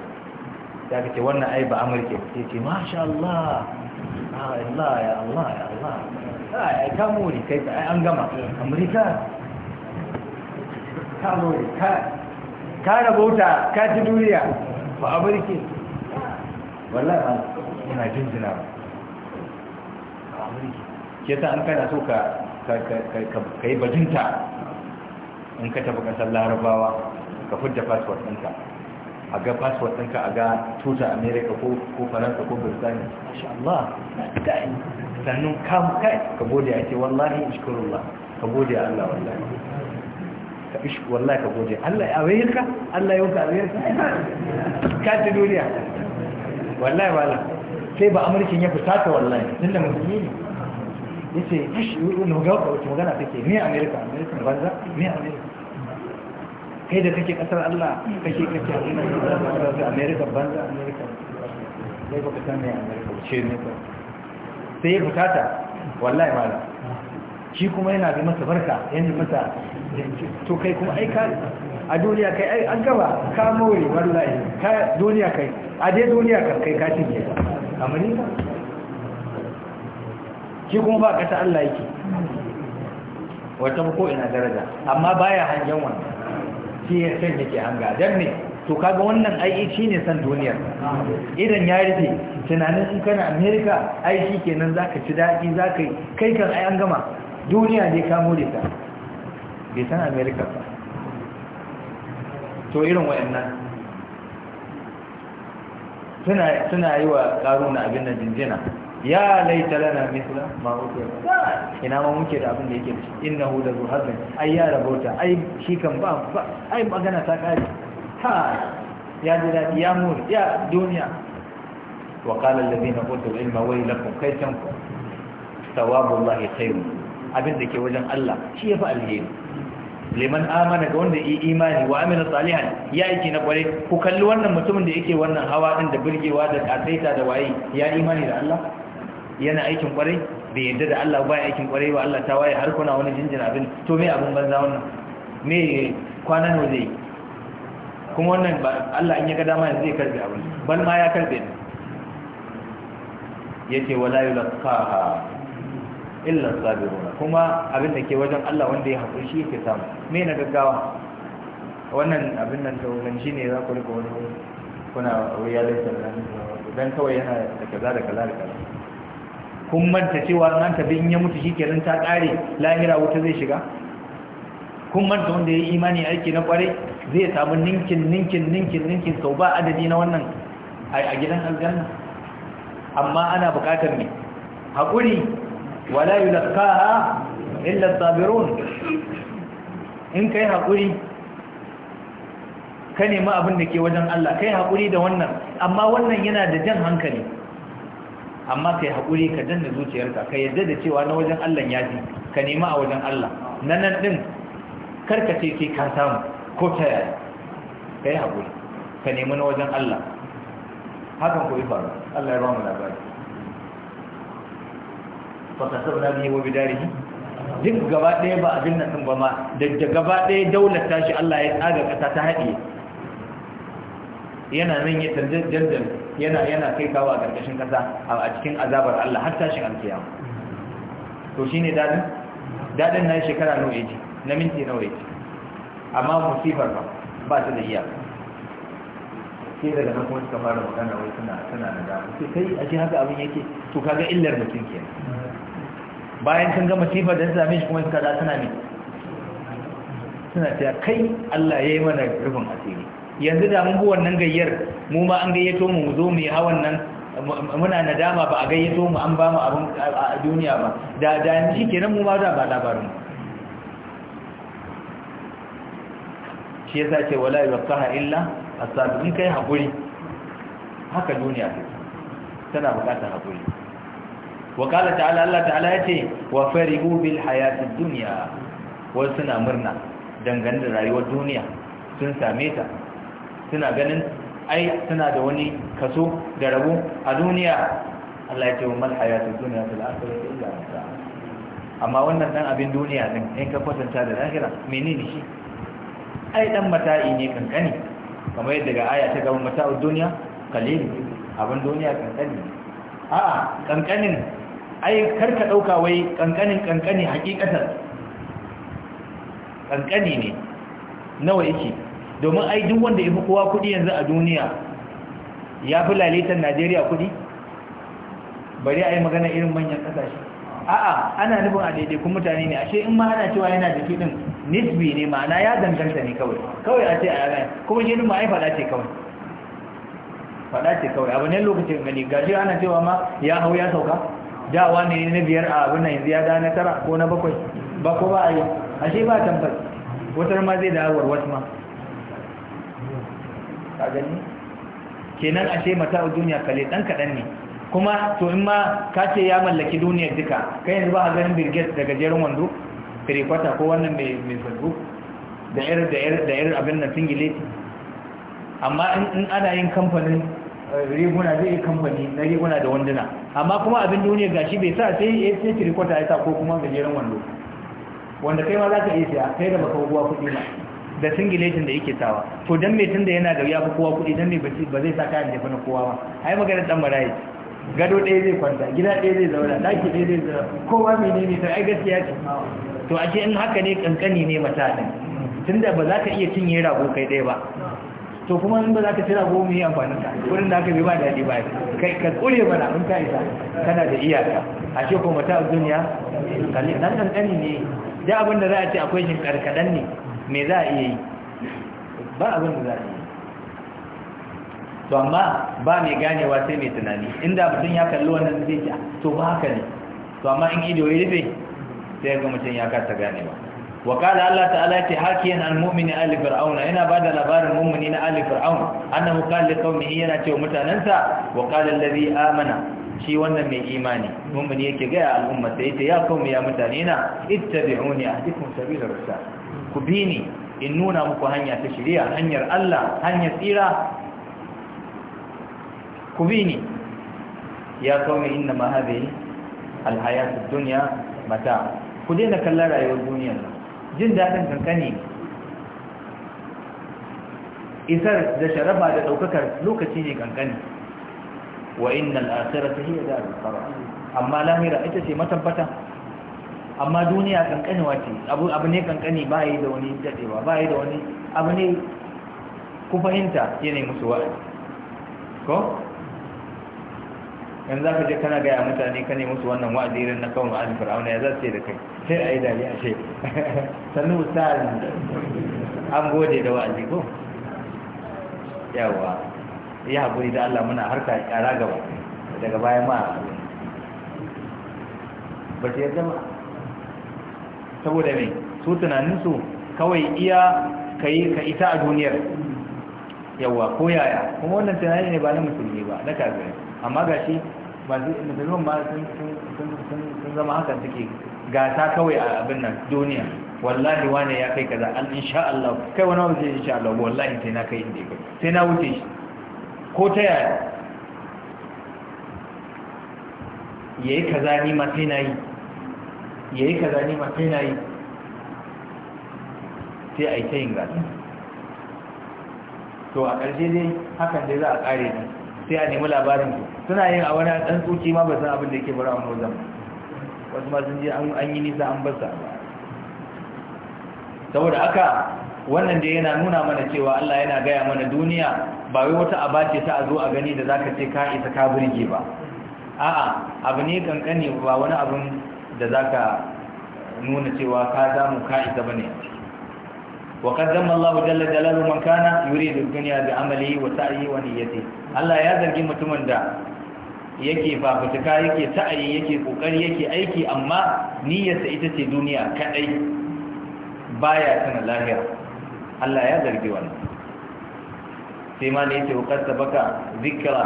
ta kace wannan ai ba amurka ce ce masha allah allah ya allah ya allah ai ka muri kai ai an gama amurka ka muri ka ka rabauta ka ji duniya ba amurka wallahi ina jinjina ba ke ta an kana so ka ka yi bajinta in ka tafi kasar larabawa ka fudda fasfot ɗinka a ga fasfot ɗinka a ga tuta amerika ko faransa ko birtaniya masha Allah sannan kai ka gode a ce wallahi ishkurullah ka gode a Allah wallahi ka ishku wallahi ka gode Allah ya wayarka Allah ya wuka a wayarka ka ci duniya wallahi wallahi sai ba amurkin ya fita ta wallahi tunda musulmi ne ya ce kashi wani magana wata magana take ne amerika amerika banza ne amerika kai da take kasar allah kake kake amerika banza amerika sai ba ka san ne amerika ce ne ba sai ya fita ta wallahi mala shi kuma yana da masa barka yanzu masa to kai kuma aika a duniya kai an gaba ka more wallahi ka duniya kai a dai duniya kai ka cinye ba shi kuma ba kasa allah yake wata ko ina daraja amma baya hangen wannan shi ya san yake hanga dan ne to kaga wannan ai shi ne san duniyar idan ya rufe tunanin in kana america ai shi kenan zaka ci dadi zaka kai kan ai an gama duniya dai ka more ta bai san america ba to irin waɗannan. suna yi wa karuna abin da jinjina ya laita lana misla ma uke ina ma muke da abin da yake innahu da zuhabin ai ya rabota ai shi kan ba ai magana ta kare ha ya ji daɗi ya mur ya duniya wa qala alladhina utul ilma wai kai Tawabu Allah ya khairun abin da ke wajen Allah shi ya fi alheri liman amana ga wanda yi imani wa amina salihan ya aiki na kware ku kalli wannan mutumin da yake wannan hawa din da birgewa da kasaita da waye ya imani da Allah yana aikin kware bai yadda da Allah ba aikin kware wa Allah ta waye har kuna wani jinjina abin to me abin banza wannan me kwana ne zai kuma wannan ba Allah in ya ga dama yanzu zai karbe abin bal ma ya karbe ne yake wala yulqaha illa sabiruna kuma abin da ke wajen Allah wanda ya hakuri shi yake samu me na gaggawa wannan abin nan taulan shi ne za ku riga wani kuna wuya laifin dan kawai yana da kaza da kaza da kaza kun manta cewa nan ta in ya mutu shi kenan ta kare lahira wuta zai shiga kun manta wanda ya yi imani aiki na kware zai samu ninkin ninkin ninkin ninkin sau ba adadi na wannan a gidan aljanna amma ana bukatar ne haƙuri wala yulqaha illa sabirun in kai haƙuri ka nemi abin da ke wajen Allah kai haƙuri da wannan amma wannan yana da jan hankali amma kai haƙuri ka danna zuciyarka ka yadda da cewa na wajen Allah ya ji ka nemi a wajen Allah na nan ɗin ce ke ka samu ko ta yaya ka yi haƙuri ka nemi na wajen Allah hakan ko yi faru Allah ya ba mu labari فقد سبنا به وبداره duk gaba ɗaya ba abin na sun ba ma da gaba ɗaya daular tashi Allah ya tsaga ƙasa ta haɗe yana nan ya tanzan yana yana kai kawo a ƙarƙashin ƙasa a cikin azabar Allah har tashin alkiyama to shi ne daɗin, daɗin na shekara nawa ji na minti nawa ji amma musifar ba ba ta da iya. sai daga nan kuma suka fara magana wai suna suna da damu sai kai a ji haka abin yake to kaga illar mutum kenan bayan sun ga sifar da sami shi kuma suka da suna ne suna ta kai Allah ya yi mana rufin asiri yanzu da mun wannan gayyar mu ma an gayyato mu mu zo mu yi hawan nan muna nadama ba a gayyato mu an ba mu abin a duniya ba da da yanzu shi kenan mu ma za ba labarin shi yasa ce wala yuqaha illa as kai hakuri haka duniya tana bukatar hakuri wa ta'ala Allah ta'ala ya ce wa farihu bil hayatid dunya wa suna murna dangane da rayuwar duniya sun same ta suna ganin ai suna da wani kaso da rabo a duniya Allah ya ce wa mal hayatid dunya fil akhirati illa mata amma wannan dan abin duniya din in ka kwatanta da lahira menene shi ai dan mata'i ne kankani kamar yadda ga aya ta gaba mata'ud dunya qalil abin duniya kankani a'a kankanin ai karka ɗauka wai ƙanƙanin ƙanƙani hakikatar ƙanƙani ne nawa yake domin ai duk wanda ya kowa kuɗi yanzu a duniya ya fi lalitar najeriya kuɗi bari a yi magana irin manyan ƙasashe a'a ana nufin a daidai kun mutane ne ashe in ma ana cewa yana da kuɗin nisbi ne ma'ana ya danganta ne kawai kawai a ce a yanayi kuma shi ma ai faɗa ce kawai faɗa ce kawai abu ne lokacin gani gashi ana cewa ma ya hau ya sauka da ne na biyar a abin nan yanzu ya da na tara ko na bakwai ba ko ba a yi ashe ba tabbas wutar ma zai dawowar wasu ma ka gani kenan ashe mata a duniya kale dan kadan ne kuma to in ma ka ce ya mallaki duniyar duka kai yanzu ba a ganin birgit da gajeren wando firikwata ko wannan mai sabbu da yar da irin abin nan singileti amma in ana yin kamfanin riguna zai kamfani na riguna da wanduna amma kuma abin duniya gashi bai sa sai ya ce ki rikota ya sa ko kuma gajeren wando wanda kai ma za ka iya siya kai da baka kowa kuɗi ba da singilation da yake sawa to dan me da yana da fi kowa kuɗi dan mai ba zai sa kayan jefa na kowa ba ai magana ɗan marayi gado ɗaya zai kwanta gida ɗaya zai zauna ɗaki ɗaya zai zauna kowa mai nemi ta ai gaskiya ce to ce in haka ne kankani ne mata tunda ba za ka iya cinye rago kai ɗaya ba to kuma in ba za ka tira goma yi amfani ka wurin da aka bi ba daɗi ba kai ka tsure mana in ka isa kana da iyaka a ce kuma ta duniya kalli dan kankani ne da abin da za a ce akwai shi karkadan ne me za a iya yi ba abin da za a yi to amma ba mai ganewa sai mai tunani inda mutum ya kalli wannan zai ja, to ba haka ne to amma in ido ya rufe sai ga mutum ya kasa ganewa wa qala Allah ta'ala Ya ce hakiyan al-mu'min ali fir'aun yana bada labarin mu'mini na ali fir'aun annahu qala li qaumihi yana cewa mutanansa wa qala allazi amana shi wannan mai imani mu'mini yake ga al'umma sai ta ya qaumi ya mutane na ittabi'uni ahdikum sabila rasul ku bi ni in nuna muku hanya ta shari'a hanyar Allah hanyar tsira ku bi ni ya qaumi inna ma hadhihi al-hayatu ad-dunya mata ku daina kallara rayuwar duniyar jin daɗin kankani isar da sharafa da ɗaukakar lokaci ne kankani wa innal akhirata da al qarar amma lahira ita ce matabbata amma duniya kankani wace abu abu ne kankani ba yi da wani dadewa ba yi da wani abu ne ku fahimta yana musu wa'azi ko yanzu za ka je kana gaya mutane ka ne musu wannan wa'azi irin na kawo wa'azin fir'auna ya za su ce da kai sai a yi dali a ce sannu sa'ad an gode da wa'azi ko yawa ya haƙuri da Allah muna harka ƙara gaba daga baya ma ba su yadda ba saboda mai su tunaninsu kawai iya ka yi ka ita a duniyar yawa ko yaya kuma wannan tunani ne ba na musulmi ba na kafin amma ga shi musulman ba sun zama hakan suke gasa kawai a abin nan duniya wallahi wane ya kai kaza an insha Allah kai wani wani zai insha Allah wallahi sai na kai inda ya kai sai na wuce shi ko ta yaya ya yi kaza ni ma sai na yi ya yi kaza ni ma sai na yi sai a yi ta yin gasa to a ƙarshe dai hakan dai za a ƙare ne sai a nemi labarin ku suna yin a wani ɗan tsoki ma ba san abin da yake bara wani wajen wasu ma sun je an yi nisa an basa saboda haka wannan da yana nuna mana cewa Allah yana gaya mana duniya ba wai wata aba ce ta a zo a gani da zaka ce ka isa ka burge ba a'a abu ne kankane ba wani abin da zaka nuna cewa ka zamu ka isa bane jalla jalaluhu man kana yuridu من bi amali wa بعمله wa niyyati Allah ya zargi mutumin da yake fafutuka yake ta'ayi yake kokari yake aiki amma niyyarsa ita ce duniya kadai baya tana lahira Allah ya zargi wannan sai ma ne yace wakar sabaka zikira.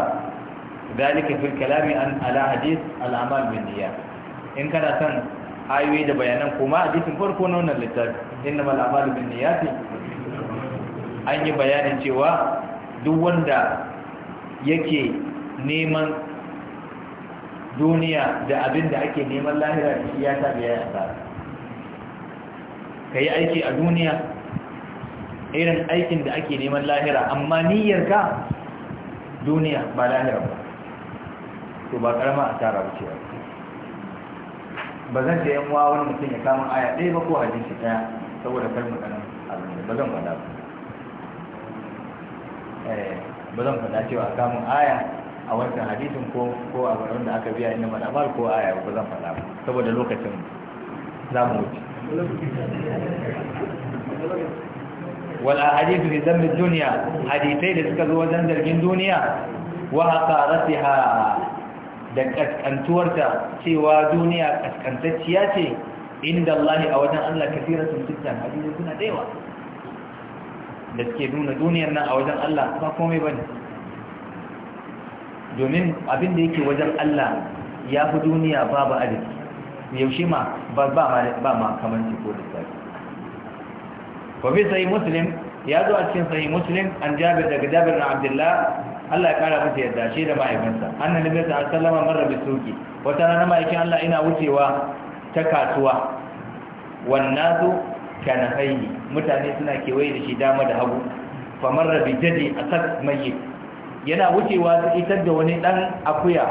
dalika fil kalami an ala hadith al amal bin niyyah in kana son ayoyi da bayanan kuma hadisin farko na wannan littafi innamal a'malu bin niyyati an yi bayanin cewa duk wanda yake neman duniya da abin da ake neman lahira da shi ya sa ya yi asara ka yi aiki a duniya irin aikin da ake neman lahira amma niyyarka duniya ba lahira ba to ba karama asara ba ce ba zan da yan wani mutum ya kama aya ɗaya ba ko hadisi ɗaya saboda kalmar ɗanan abin ba zan faɗa ba eh, ba zan faɗa cewa kamun aya a wancan hadisin ko ko a wanda aka biya inda mana mal ko aya ba zan faɗa ba saboda lokacin za mu wuce wal ahadithu fi dhanbi dunya hadithai da suka zo wajen zargin duniya wa haqaratiha da kaskantuwarta cewa duniya kaskantacciya ce inda Allah a wajen Allah sun jiddan hadisi suna daiwa da suke nuna duniyar nan a wajen Allah ba komai bane domin abin da yake wajen Allah ya fi duniya babu adadi yaushe ma ba ma kamar ko lissafi wafi sai muslim ya zo a cikin sai muslim an jabir daga jabir na abdullah Allah ya kara mata yadda shi da ma'aikansa annan nabi ta sallama mara bi suki wata rana ma'aikin Allah ina wucewa ta kasuwa su kana hayyi mutane suna kewaye da shi dama da hagu fa marra bi a asad mayyit yana wucewa ta isar da wani ɗan akuya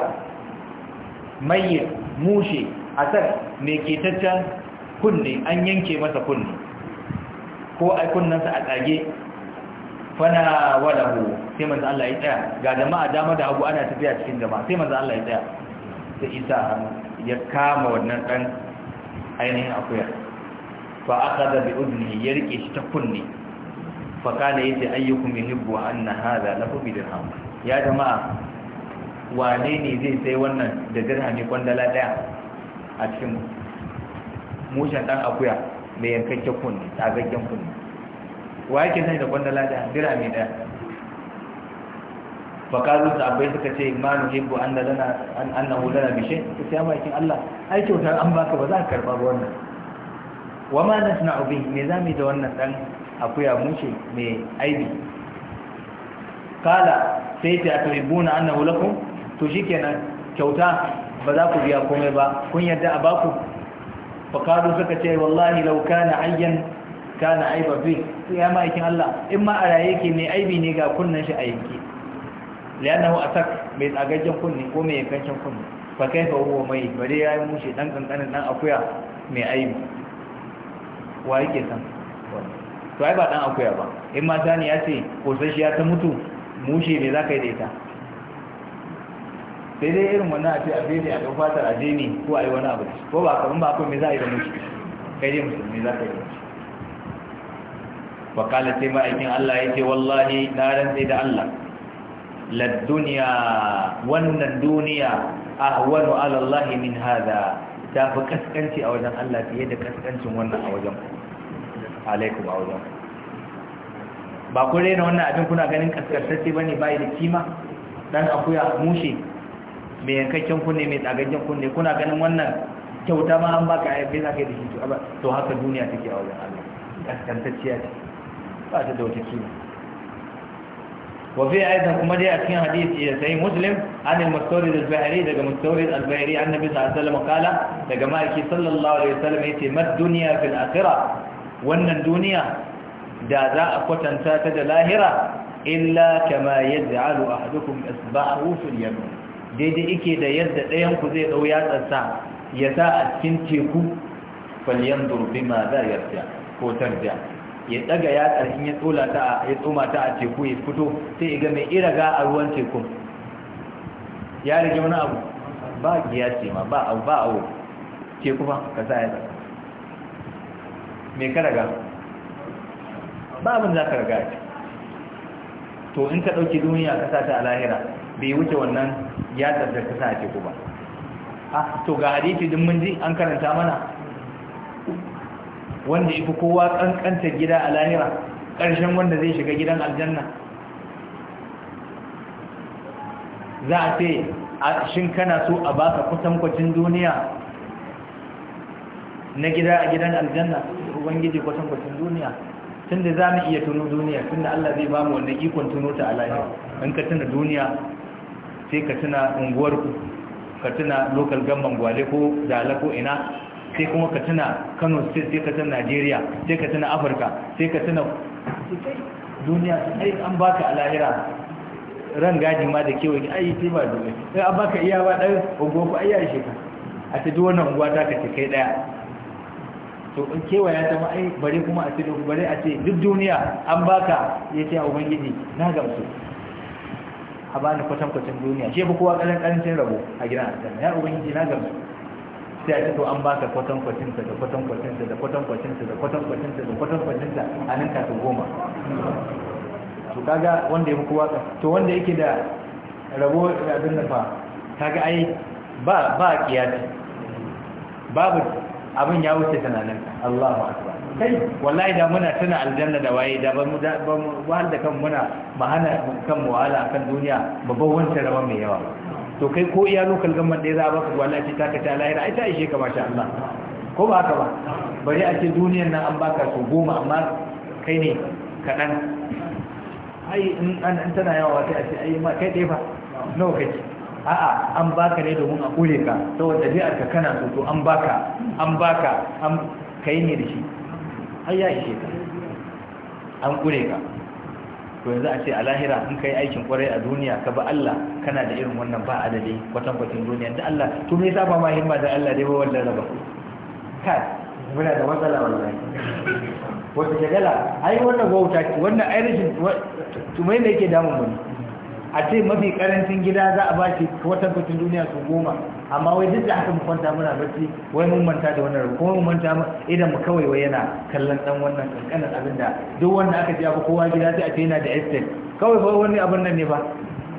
mai mushe a san mai ketaccen kunne an yanke masa kunne ko ai kunnensa a tsage fana hu sai manzan Allah ya tsaya ga jama'a dama da abu ana tafiya cikin jama'a sai manzan Allah ya tsaya sai isa hannu ya kama wannan dan ainihin akuya fa da bi udnihi ya rike shi ta kunne fa kana yace ayyukum yuhibbu anna hadha lahu bi dirham ya jama'a wane ne zai sai wannan da dirhami kwandala daya a cikin mushen dan akuya mai yankakken ta tsagaggen kunne wa yake sai da kwandala daya dirhami daya da abai suka ce imanu hibbu anna lana an annahu lana bi shay sai amma yakin Allah ai kyautar an baka ba za ka karba wannan wa ma nasna'u bi me zamu da wannan dan akuya mushe mai aibi kala sai ta atribuna annahu lakum to shikenan kyauta ba za ku biya komai ba kun yadda a baku fakadu suka ce wallahi law kana ayyan kana aiba fi ya ma'aikin Allah in ma a raye ke mai aibi ne ga kunnan shi a yanki liyanahu atak mai tsagaggen kunni ko mai yankancin kunni fa fa huwa mai bare ya mushe dan kankanin dan akuya mai aibi wa yake san to ai ba dan akuya ba in ma tani ya ce ko sai shi ya ta mutu mushe ne za ka yi da ita sai dai irin wannan a ce a fere a ɗauka ta aje ko a yi wani abu ko ba kamar ba akwai me za a yi da mushe kai dai musulmi za ka yi da mushe wakala sai ma'aikin Allah ya ce wallahi na rantse da Allah la duniya wannan duniya ahwanu wani Allah min hada ta fi kaskanci a wajen Allah fiye da kaskancin wannan a wajen alaikum a wajen ba ku rena wannan abin kuna ganin kaskantacce ba ne bayi da kima dan akuya mushe mai yankakken kunne mai tsagaggen kunne kuna ganin wannan kyauta ma an baka ayyar bai za ka da shi to haka duniya take a wajen allah kaskantacciya ce ba ta da wata kima وفي أيضا كما جاء في حديث سعيد مسلم عن المستورد البحري لقى daga البحري عن النبي صلى الله عليه وسلم قال لقى مالكي صلى الله عليه وسلم يتي ما الدنيا في da za a kwatanta ta da lahira illa kama yaj'alu ahadukum isba'ahu fil yam daidai yake da yadda ɗayan ku zai dau yatsarsa ya sa a cikin teku falyanzur bima za yarja ko tarja ya daga ya in ya tsola ta ya tsoma ta a teku ya fito sai ya ga mai iraga a ruwan teku ya rage wani abu ba ce ma ba abu ba abu teku ba ka sa ya me ka ga? ba abin za ka riga to in ka ɗauki duniya ka sa ta a lahira bai wuce wannan ya da ka sa a ku ba a to ga hadisi din mun ji an karanta mana wanda ifi kowa kankanta gida a lahira ƙarshen wanda zai shiga gidan aljanna za a ce a shin kana so a baka kusan kwacin duniya na gida a gidan aljanna ubangiji kwacin duniya tun da za mu iya tuno duniya tun da Allah zai ba mu wannan ikon tuno ta alayi in ka tuna duniya sai ka tuna unguwarku ka tuna local gamban gwale ko dala ko ina sai kuma ka tuna kano state sai ka tuna nigeria sai ka tuna afirka sai ka tuna duniya sai an baka alahira ran gaji ma da kewaye ai sai ba dole sai an baka iya ba dan ogofa ai ya shi ka a ta ji unguwa ta ka ce kai daya to in kewa ya zama ai bare kuma a cikin bare a ce duk duniya an baka ya ce a ubangiji na gamsu a bani kwatankwacin duniya shi ba kowa ƙaran ƙarancin rabo a gidan aljanna ya ubangiji na gamsu sai a ce to an baka kwatankwacinsa da kwatankwacinsa da kwatankwacinsa da kwatankwacinsa da kwatankwacinsa a nan kafin goma to kaga wanda ya fi kowa to wanda yake da rabo da abin nan fa kaga ai ba ba kiyaci babu abin ya wuce tunanin Allahu akbar kai wallahi da muna tuna aljanna da waye da bamu mu bamu da kan muna mahana kan mu wala kan duniya babban wancan raba mai yawa to kai ko iya lokal gamman da za baka wallahi ta ka ta lahira ai ta ishe ka masha Allah ko ba haka ba bari a ce duniyar nan an baka su goma amma kai ne kaɗan ai in an tana yawa sai a ce ai ma kai ɗaya fa nawa kai. a'a an baka ne domin a kore ka saboda dai aka kana so to an baka an baka an kai ne da shi har ya ishe ka an kure ka to yanzu a ce a lahira in kai aikin kwarai a duniya ka ba Allah kana da irin wannan ba kwatan kwatan duniya da Allah to me yasa ba ma himma da Allah dai ba wallahi raba kai muna da matsala wallahi wata shagala ai wannan wauta wannan ai rashin to me yake damun mu a ce mafi karancin gida za a ba shi watan kucin duniya su goma amma wai duk da haka mu kwanta muna bacci wai mun manta da wannan rabu kuma mun manta idan mu kawai wai yana kallon dan wannan kankanin abin da duk wanda aka ce abu kowa gida sai a ce yana da estate kawai ba wani abin nan ne ba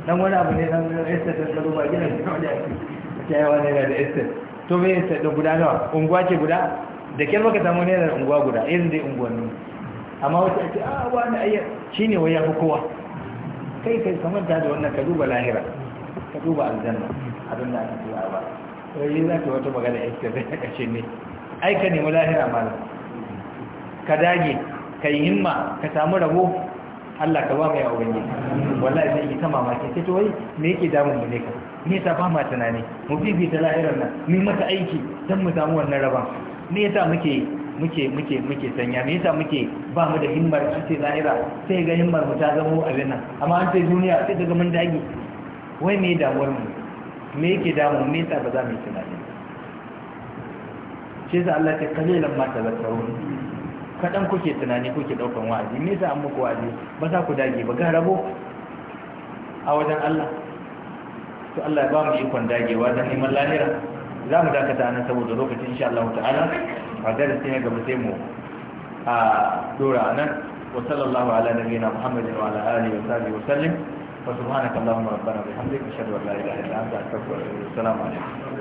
dan wani abu ne dan estate da kalo ba gidan da wani ake cewa ne da estate to me estate da guda nawa unguwa ce guda da kyar baka samu ne da unguwa guda irin dai unguwanni amma wata ake a ah, wani ayyar shine wai ya fi kowa kai kai kamar ta da wannan ka duba lahira ka duba aljanna abin da yi a ba sai za ka wata magana ce zai ta ne ai ka nemi lahira mana ka dage ka yi himma ka samu rabo Allah ka ba mai auren yi wallahi zai yi ta mamaki sai to wai me yake damun mu ne ka me ta ba ma tunani mu ta lahirar nan mu mata aiki dan mu samu wannan raban me yasa muke muke muke muke sanya me yasa muke ba mu da himmar su ce zahira sai ga himmar mu ta zamo abin nan amma an ce duniya sai daga mun dage wai me damuwar mu me yake damu me yasa ba za mu yi tunani shi yasa Allah ta kalilan ma tazakkarun kadan kuke tunani kuke daukan wa'azi me yasa an muku wa'azi ba za ku dage ba ga rabo a wajen Allah to Allah ya ba mu ikon dagewa dan neman lahira za mu dakata nan saboda lokacin insha Allah ta'ala a darasi na gaba sai mu a dora nan wa sallallahu ala nabiyina muhammadin wa ala alihi wa sahbihi wa sallim wa subhanaka allahumma rabbana bihamdika ashhadu an la ilaha illa anta astaghfiruka wa atubu ilaik